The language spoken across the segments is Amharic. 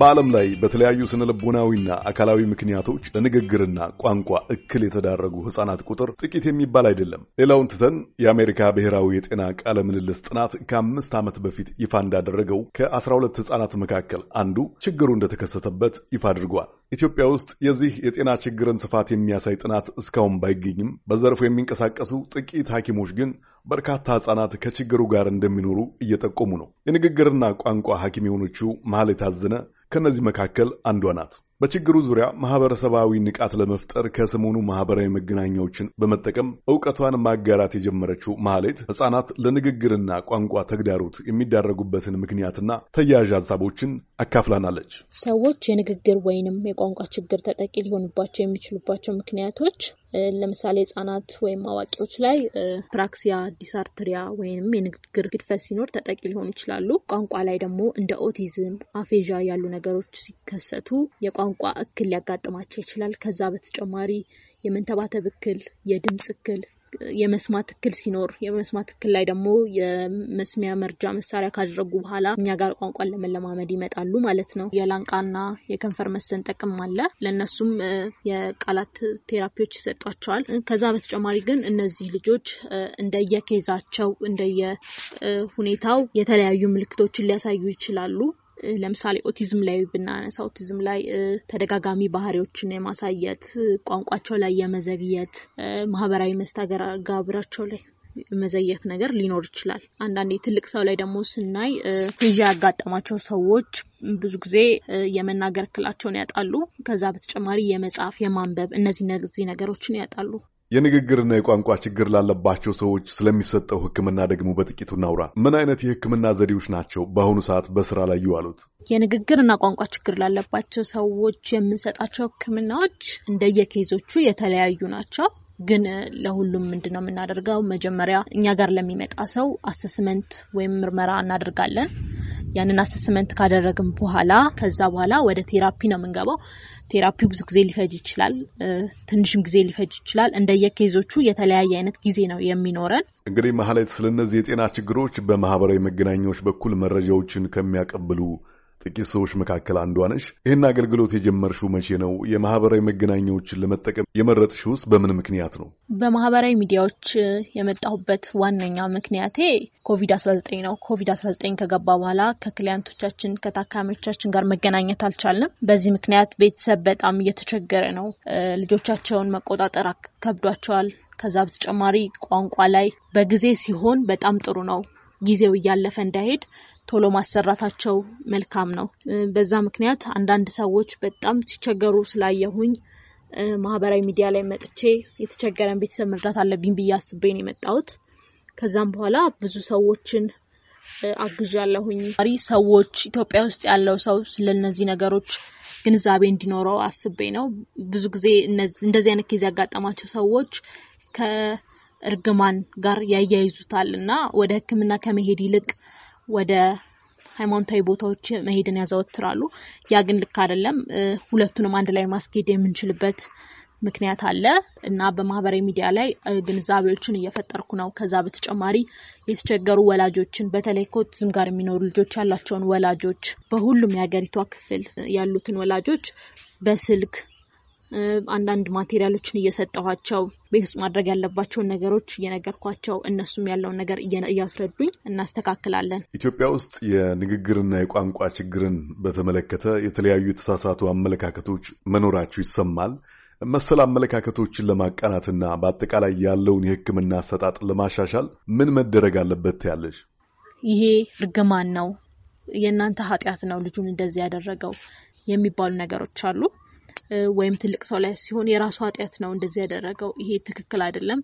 በዓለም ላይ በተለያዩ ስነ ልቦናዊና አካላዊ ምክንያቶች ለንግግርና ቋንቋ እክል የተዳረጉ ሕፃናት ቁጥር ጥቂት የሚባል አይደለም። ሌላውን ትተን የአሜሪካ ብሔራዊ የጤና ቃለ ምልልስ ጥናት ከአምስት ዓመት በፊት ይፋ እንዳደረገው ከ12 ሕፃናት መካከል አንዱ ችግሩ እንደተከሰተበት ይፋ አድርጓል። ኢትዮጵያ ውስጥ የዚህ የጤና ችግርን ስፋት የሚያሳይ ጥናት እስካሁን ባይገኝም በዘርፉ የሚንቀሳቀሱ ጥቂት ሐኪሞች ግን በርካታ ሕፃናት ከችግሩ ጋር እንደሚኖሩ እየጠቆሙ ነው። የንግግርና ቋንቋ ሐኪም የሆነችው መሃል የታዘነ ከእነዚህ መካከል አንዷ ናት። በችግሩ ዙሪያ ማህበረሰባዊ ንቃት ለመፍጠር ከሰሞኑ ማህበራዊ መገናኛዎችን በመጠቀም እውቀቷን ማጋራት የጀመረችው ማህሌት ሕፃናት ለንግግርና ቋንቋ ተግዳሮት የሚዳረጉበትን ምክንያትና ተያያዥ ሀሳቦችን አካፍላናለች። ሰዎች የንግግር ወይንም የቋንቋ ችግር ተጠቂ ሊሆኑባቸው የሚችሉባቸው ምክንያቶች ለምሳሌ ህጻናት ወይም አዋቂዎች ላይ ፕራክሲያ ዲሳርትሪያ ወይም የንግግር ግድፈት ሲኖር ተጠቂ ሊሆኑ ይችላሉ። ቋንቋ ላይ ደግሞ እንደ ኦቲዝም፣ አፌዣ ያሉ ነገሮች ሲከሰቱ የቋንቋ እክል ሊያጋጥማቸው ይችላል። ከዛ በተጨማሪ የመንተባተብ እክል፣ የድምፅ እክል የመስማት እክል ሲኖር የመስማት እክል ላይ ደግሞ የመስሚያ መርጃ መሳሪያ ካደረጉ በኋላ እኛ ጋር ቋንቋን ለመለማመድ ይመጣሉ ማለት ነው። የላንቃና የከንፈር መሰንጠቅም አለ። ለእነሱም የቃላት ቴራፒዎች ይሰጧቸዋል። ከዛ በተጨማሪ ግን እነዚህ ልጆች እንደየኬዛቸው እንደየሁኔታው የተለያዩ ምልክቶችን ሊያሳዩ ይችላሉ። ለምሳሌ ኦቲዝም ላይ ብናነሳ ኦቲዝም ላይ ተደጋጋሚ ባህሪዎችን የማሳየት ቋንቋቸው ላይ የመዘግየት ማህበራዊ መስተጋብራቸው ላይ መዘየት ነገር ሊኖር ይችላል። አንዳንዴ ትልቅ ሰው ላይ ደግሞ ስናይ ፌዣ ያጋጠማቸው ሰዎች ብዙ ጊዜ የመናገር እክላቸውን ያጣሉ። ከዛ በተጨማሪ የመጻፍ የማንበብ እነዚህ ነገሮችን ያጣሉ። የንግግርና የቋንቋ ችግር ላለባቸው ሰዎች ስለሚሰጠው ሕክምና ደግሞ በጥቂቱ እናውራ። ምን አይነት የሕክምና ዘዴዎች ናቸው በአሁኑ ሰዓት በስራ ላይ ይዋሉት? የንግግርና ቋንቋ ችግር ላለባቸው ሰዎች የምንሰጣቸው ሕክምናዎች እንደየኬዞቹ የተለያዩ ናቸው። ግን ለሁሉም ምንድን ነው የምናደርገው? መጀመሪያ እኛ ጋር ለሚመጣ ሰው አሰስመንት ወይም ምርመራ እናደርጋለን። ያንን አሰስመንት ካደረግን በኋላ ከዛ በኋላ ወደ ቴራፒ ነው የምንገባው። ቴራፒው ብዙ ጊዜ ሊፈጅ ይችላል፣ ትንሽም ጊዜ ሊፈጅ ይችላል። እንደየኬዞቹ የተለያየ አይነት ጊዜ ነው የሚኖረን። እንግዲህ መሀላይት ስለነዚህ የጤና ችግሮች በማህበራዊ መገናኛዎች በኩል መረጃዎችን ከሚያቀብሉ ጥቂት ሰዎች መካከል አንዷ ነሽ። ይህን አገልግሎት የጀመርሽው መቼ ነው? የማህበራዊ መገናኛዎችን ለመጠቀም የመረጥሽውስ በምን ምክንያት ነው? በማህበራዊ ሚዲያዎች የመጣሁበት ዋነኛ ምክንያቴ ኮቪድ-19 ነው። ኮቪድ-19 ከገባ በኋላ ከክሊያንቶቻችን ከታካሚዎቻችን ጋር መገናኘት አልቻለም። በዚህ ምክንያት ቤተሰብ በጣም እየተቸገረ ነው። ልጆቻቸውን መቆጣጠር ከብዷቸዋል። ከዛ በተጨማሪ ቋንቋ ላይ በጊዜ ሲሆን በጣም ጥሩ ነው ጊዜው እያለፈ እንዳይሄድ ቶሎ ማሰራታቸው መልካም ነው። በዛ ምክንያት አንዳንድ ሰዎች በጣም ሲቸገሩ ስላየሁኝ ማህበራዊ ሚዲያ ላይ መጥቼ የተቸገረን ቤተሰብ መርዳት አለብኝ ብዬ አስቤ ነው የመጣሁት። ከዛም በኋላ ብዙ ሰዎችን አግዣለሁኝ። ሰዎች ኢትዮጵያ ውስጥ ያለው ሰው ስለነዚህ ነገሮች ግንዛቤ እንዲኖረው አስቤ ነው። ብዙ ጊዜ እንደዚህ አይነት ጊዜ ያጋጠማቸው ሰዎች ከ እርግማን ጋር ያያይዙታል እና ወደ ሕክምና ከመሄድ ይልቅ ወደ ሃይማኖታዊ ቦታዎች መሄድን ያዘወትራሉ። ያ ግን ልክ አይደለም። ሁለቱንም አንድ ላይ ማስኬድ የምንችልበት ምክንያት አለ እና በማህበራዊ ሚዲያ ላይ ግንዛቤዎችን እየፈጠርኩ ነው። ከዛ በተጨማሪ የተቸገሩ ወላጆችን በተለይ ከኦቲዝም ጋር የሚኖሩ ልጆች ያላቸውን ወላጆች በሁሉም የሀገሪቷ ክፍል ያሉትን ወላጆች በስልክ አንዳንድ ማቴሪያሎችን እየሰጠኋቸው ቤት ውስጥ ማድረግ ያለባቸውን ነገሮች እየነገርኳቸው እነሱም ያለውን ነገር እያስረዱኝ እናስተካክላለን። ኢትዮጵያ ውስጥ የንግግርና የቋንቋ ችግርን በተመለከተ የተለያዩ የተሳሳቱ አመለካከቶች መኖራቸው ይሰማል። መሰል አመለካከቶችን ለማቃናትና በአጠቃላይ ያለውን የሕክምና አሰጣጥ ለማሻሻል ምን መደረግ አለበት ያለሽ? ይሄ እርግማን ነው፣ የእናንተ ኃጢአት ነው ልጁን እንደዚህ ያደረገው የሚባሉ ነገሮች አሉ። ወይም ትልቅ ሰው ላይ ሲሆን የራሱ ኃጢአት ነው እንደዚህ ያደረገው፣ ይሄ ትክክል አይደለም፣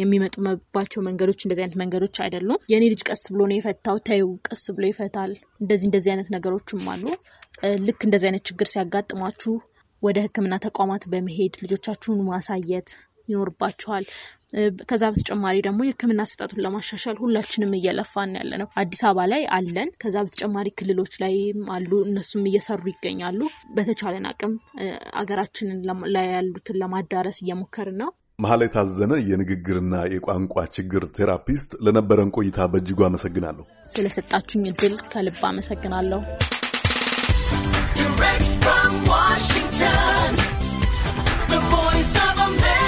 የሚመጡባቸው መንገዶች እንደዚህ አይነት መንገዶች አይደሉም፣ የእኔ ልጅ ቀስ ብሎ ነው የፈታው፣ ተዩ ቀስ ብሎ ይፈታል፣ እንደዚህ እንደዚህ አይነት ነገሮችም አሉ። ልክ እንደዚህ አይነት ችግር ሲያጋጥሟችሁ ወደ ሕክምና ተቋማት በመሄድ ልጆቻችሁን ማሳየት ይኖርባችኋል። ከዛ በተጨማሪ ደግሞ የሕክምና ስጠቱን ለማሻሻል ሁላችንም እየለፋን ያለ ነው። አዲስ አበባ ላይ አለን። ከዛ በተጨማሪ ክልሎች ላይም አሉ፣ እነሱም እየሰሩ ይገኛሉ። በተቻለን አቅም አገራችንን ላይ ያሉትን ለማዳረስ እየሞከርን ነው። መሀል የታዘነ የንግግርና የቋንቋ ችግር ቴራፒስት፣ ለነበረን ቆይታ በእጅጉ አመሰግናለሁ። ስለሰጣችሁኝ እድል ከልብ አመሰግናለሁ። Direct from